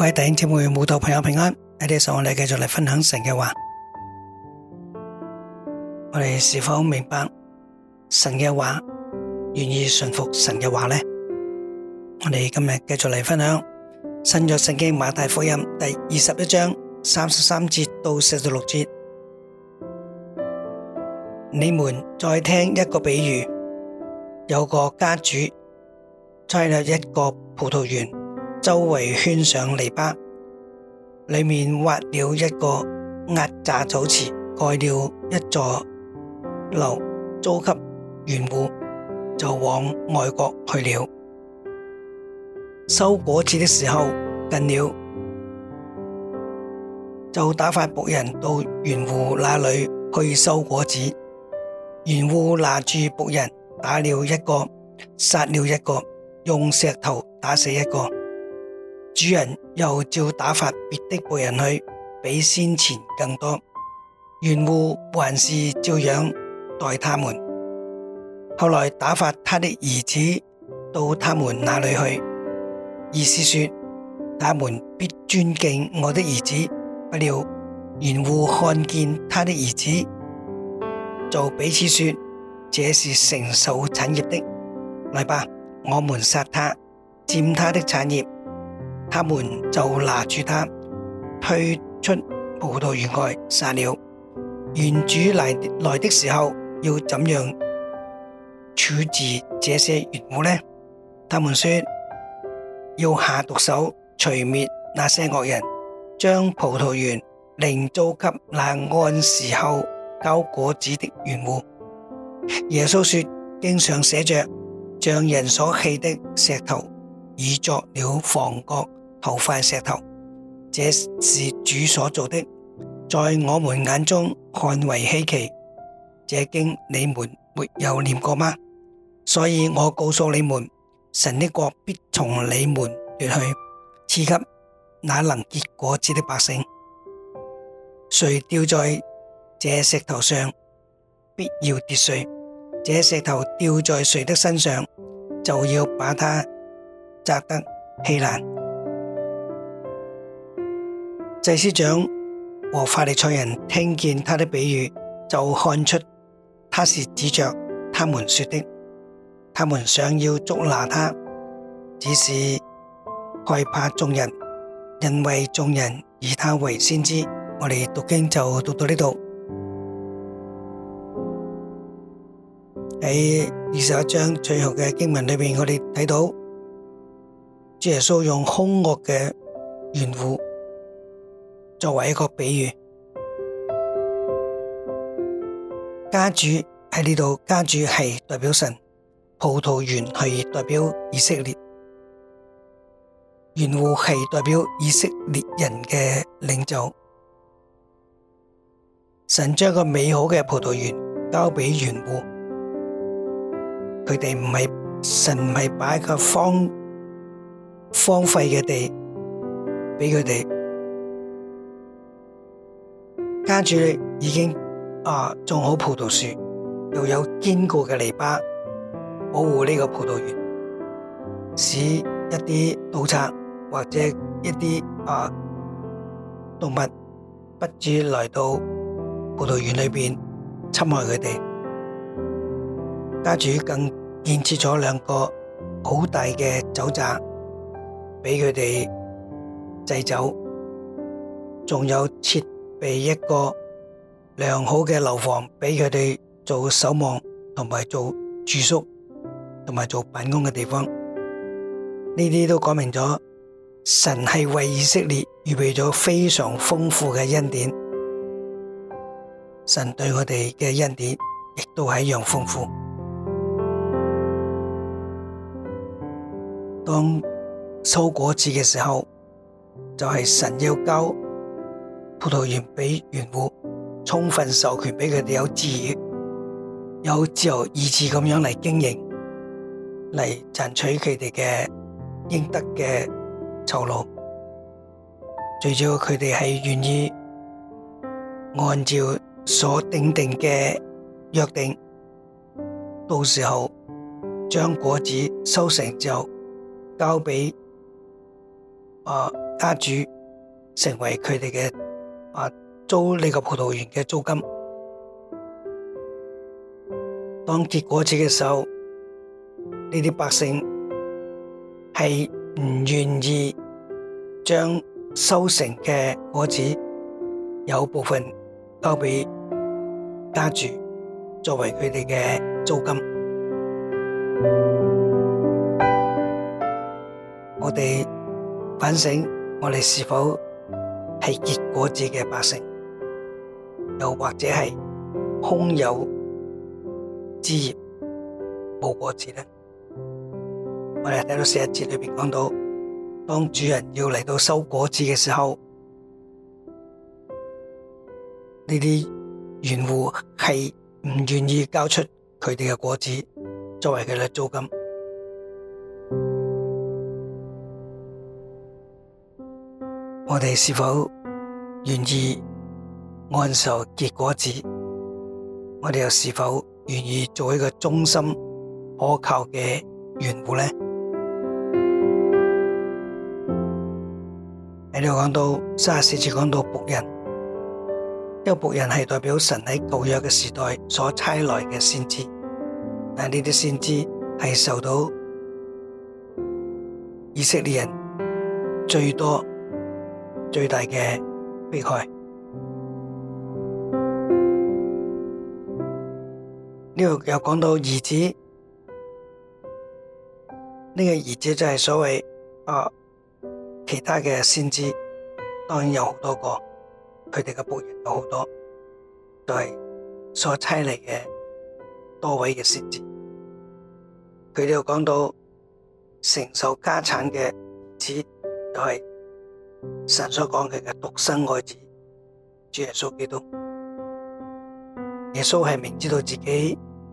各位弟兄姐妹、慕道、朋友平安，喺呢度，我哋繼續嚟分享神嘅話。我哋是否明白神嘅話，願意順服神嘅話咧？我哋今日繼續嚟分享新約聖經馬太福音第二十一章三十三節到四十六節。你們再聽一個比喻：有個家主栽了一個葡萄園。周圍圈上籬笆，裏面挖了一個壓榨草池，蓋了一座樓，租給園戶，就往外國去了。收果子的時候近了，就打發僕人到園戶那裏去收果子。園戶拿住僕人，打了一個，殺了一個，用石頭打死一個。主人又照打發別的僕人去，比先前更多。園戶還是照樣待他們。後來打發他的兒子到他們那裏去，意思說他們必尊敬我的兒子。不料園戶看見他的兒子，就彼此說：這是承受產業的，來吧，我們殺他，佔他的產業。他們就拿住他推出葡萄園外殺了。園主嚟來，來的時候要怎樣處置這些園戶呢？他們說要下毒手除滅那些惡人，將葡萄園另租給那按時候交果子的園戶。耶穌說：經上寫着，像人所棄的石頭，已作了房角，頭塊石頭，這是主所做的，在我們眼中看為稀奇。這經你們沒有念過嗎？所以我告訴你們，神的國必從你們奪去。賜給那能結果子的百姓，誰掉在這石頭上，必要跌碎；這石頭掉在誰的身上，就要把它砸得稀爛。祭司長和法利賽人聽見他的比喻，就看出他是指着他們說的。他們想要捉拿他，只是害怕眾人，因為眾人以他為先知。我哋讀經就讀到呢度。喺二十一章最後嘅經文裏面，我哋睇到耶穌用凶惡嘅言辭。作為一個比喻，家主喺呢度，家主係代表神，葡萄園係代表以色列，園戶係代表以色列人嘅領袖。神將一個美好嘅葡萄園交俾園戶，佢哋唔係，神唔係擺一個荒荒廢嘅地俾佢哋。家主已經啊種好葡萄樹，又有堅固嘅籬笆保護呢個葡萄園，使一啲盜賊或者一啲啊動物不至來到葡萄園裏邊侵害佢哋。家主更建設咗兩個好大嘅酒窖，俾佢哋製酒，仲有設。被一個良好嘅樓房，俾佢哋做守望同埋做住宿同埋做辦公嘅地方，呢啲都講明咗，神係為以色列預備咗非常豐富嘅恩典。神對我哋嘅恩典亦都係一樣豐富。當收果子嘅時候，就係、是、神要交。葡萄園俾園戶，充分授權俾佢哋有自由、有自由意志咁樣嚟經營，嚟賺取佢哋嘅應得嘅酬勞。最主要佢哋係願意按照所訂定嘅約定，到時候將果子收成就交俾啊家主，成為佢哋嘅租呢個葡萄園嘅租金，當結果子嘅時候，呢啲百姓係唔願意將收成嘅果子有部分交俾家住作為佢哋嘅租金。我哋反省，我哋是否係結果子嘅百姓？又或者係空有枝葉，無果子咧。我哋睇到四日節裏邊講到，當主人要嚟到收果子嘅時候，呢啲園戶係唔願意交出佢哋嘅果子作為佢哋嘅租金。我哋是否願意？安時結果子，我哋又是否願意做一個忠心可靠嘅園戶呢？我哋講到三十四節，講到僕人，因為僕人係代表神喺舊約嘅時代所差來嘅先知，但係呢啲先知係受到以色列人最多最大嘅迫害。呢度又講到兒子，呢、這個兒子就係所謂啊其他嘅先知，當然有好多個，佢哋嘅僕人有好多，都、就、係、是、所差嚟嘅多位嘅先知。佢哋又講到承受家產嘅兒子，就係、是、神所講佢嘅獨生愛子，主耶穌基督。耶穌係明知道自己。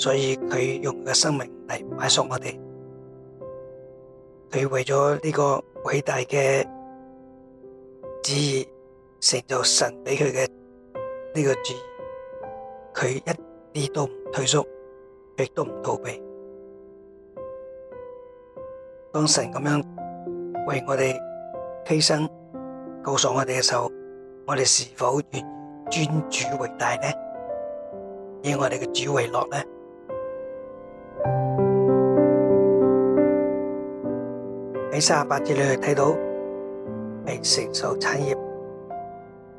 所以佢用佢嘅生命嚟買贖我哋，佢為咗呢個偉大嘅旨意，成就神俾佢嘅呢個旨意，佢一啲都唔退縮，亦都唔逃避。當神咁樣為我哋犧牲，救贖我哋嘅時候，我哋是否願意尊主為大呢？以我哋嘅主為樂呢？喺三十八節裏，佢睇到未承受產業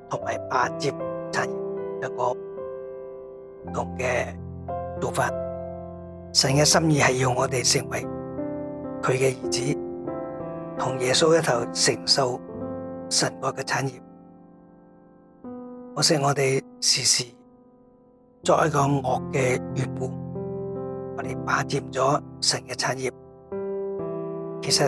同埋霸占產業兩個唔同嘅做法。神嘅心意係要我哋成為佢嘅兒子，同耶穌一齊承受神國嘅產業。可惜我哋時時作一個惡嘅緣故，我哋霸占咗神嘅產業。其實。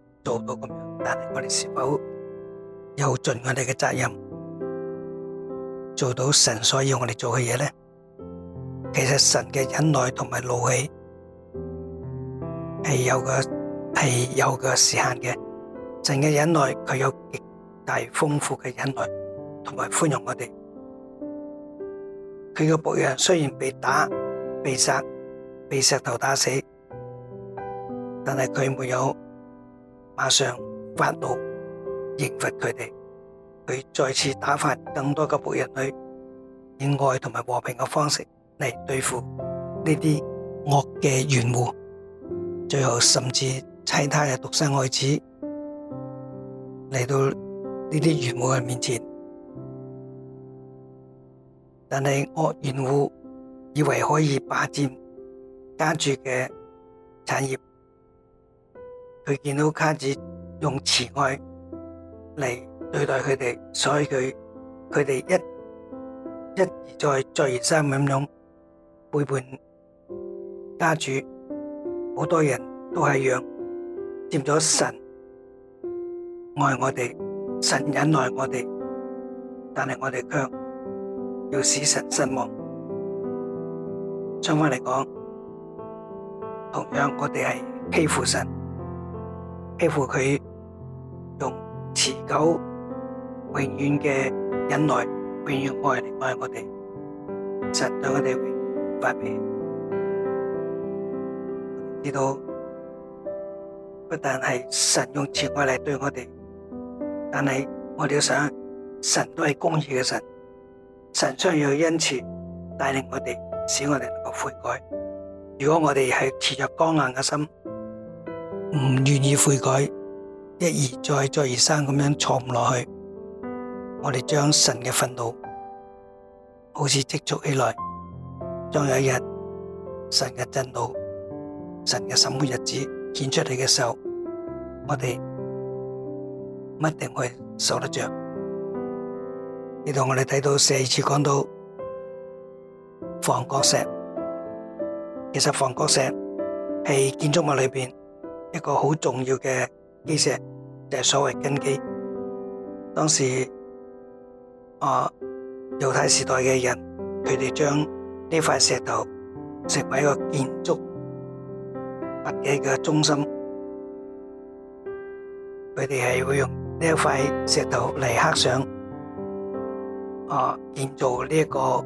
做到咁樣，但係我哋是否有盡我哋嘅責任，做到神所要我哋做嘅嘢咧？其實神嘅忍耐同埋怒氣係有個係有個時限嘅。神嘅忍耐佢有極大豐富嘅忍耐同埋寬容我哋。佢嘅僕人雖然被打、被殺、被石頭打死，但係佢沒有。馬上發怒懲罰佢哋，佢再次打發更多嘅僕人去以愛同埋和平嘅方式嚟對付呢啲惡嘅園戶，最後甚至差他嘅獨生愛子嚟到呢啲園戶嘅面前，但係惡園戶以為可以霸占家主嘅產業。會見到家主用慈愛嚟對待佢哋，所以佢佢哋一而再再而三咁樣背叛家主，好多人都係讓佔咗神愛我哋，神忍耐我哋，但係我哋卻要使神失望。相反嚟講，同樣我哋係欺負神。欺負佢用持久永遠的、永遠嘅忍耐、永遠愛嚟愛我哋，神對我哋永遠發憐。我知道不但係神用慈愛嚟對我哋，但係我哋想，神都係公義嘅神，神需要恩慈帶領我哋，使我哋能夠悔改。如果我哋係持着剛硬嘅心，唔願意悔改，一而再、再而三咁樣錯誤落去，我哋將神嘅憤怒好似積蓄起來，當有一日神嘅震怒、神嘅審判日子顯出嚟嘅時候，我哋唔一定會受得着。呢度，我哋睇到四次講到房角石，其實房角石係建築物裏面。一個好重要嘅基石就係所謂根基。當時啊，猶太時代嘅人，佢哋將呢塊石頭成為一個建築物嘅中心。佢哋係會用呢一塊石頭嚟刻上啊，建造呢一個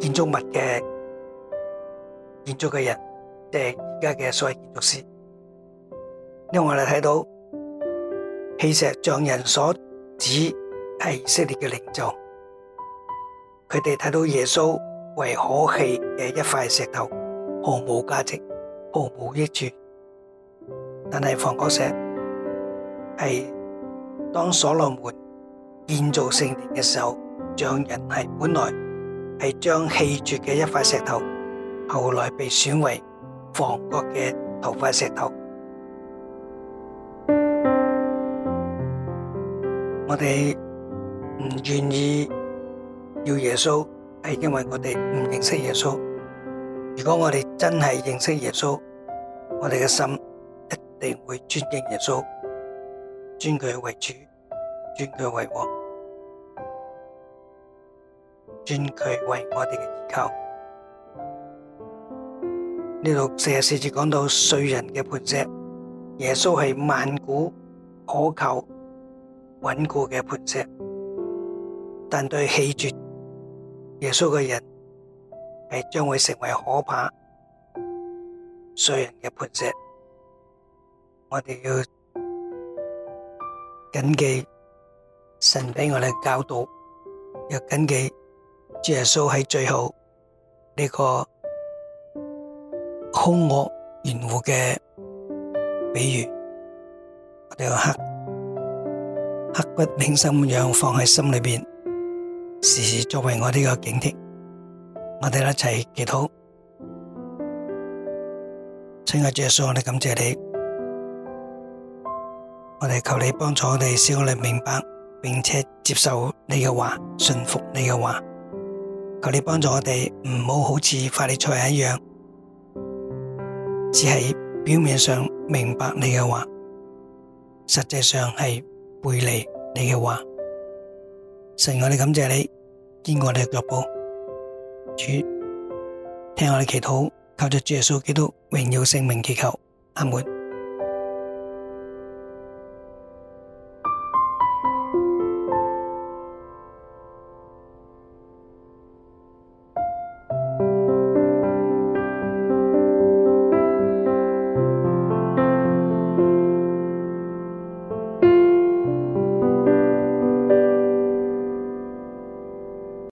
建築物嘅建築嘅人，即係而家嘅所謂建築師。因為我哋睇到，棄石匠人所指係以色列嘅領袖，佢哋睇到耶穌為可棄嘅一塊石頭，毫無價值，毫無益處。但係房角石係當所羅門建造聖殿嘅時候，匠人係本來係將棄絕嘅一塊石頭，後來被選為房角嘅頭塊石頭。我哋唔願意要耶穌，係因為我哋唔認識耶穌。如果我哋真係認識耶穌，我哋嘅心一定會尊敬耶穌，尊佢為主，尊佢為王，尊佢為我哋嘅依靠。呢度四十四節講到罪人嘅磐石，耶穌係萬古可求，穩固嘅磐石，但對棄絕耶穌嘅人，係將會成為可怕衰人嘅磐石。我哋要謹記神俾我哋教導，要謹記耶穌係最後呢、這個凶惡嚴酷嘅比喻。我哋要黑。刻骨銘心咁樣放喺心裏邊，時時作為我呢個警惕。我哋一齊祈禱，親愛嘅耶穌，我哋感謝你，我哋求你幫助我哋，使我哋明白，並且接受你嘅話，信服你嘅話。求你幫助我哋，唔好好似法利賽人一樣，只係表面上明白你嘅話，實際上係。背離你嘅話，神，我哋感謝你堅過我哋腳步，主聽我哋祈禱，靠着主耶穌基督榮耀聖名祈求，阿門。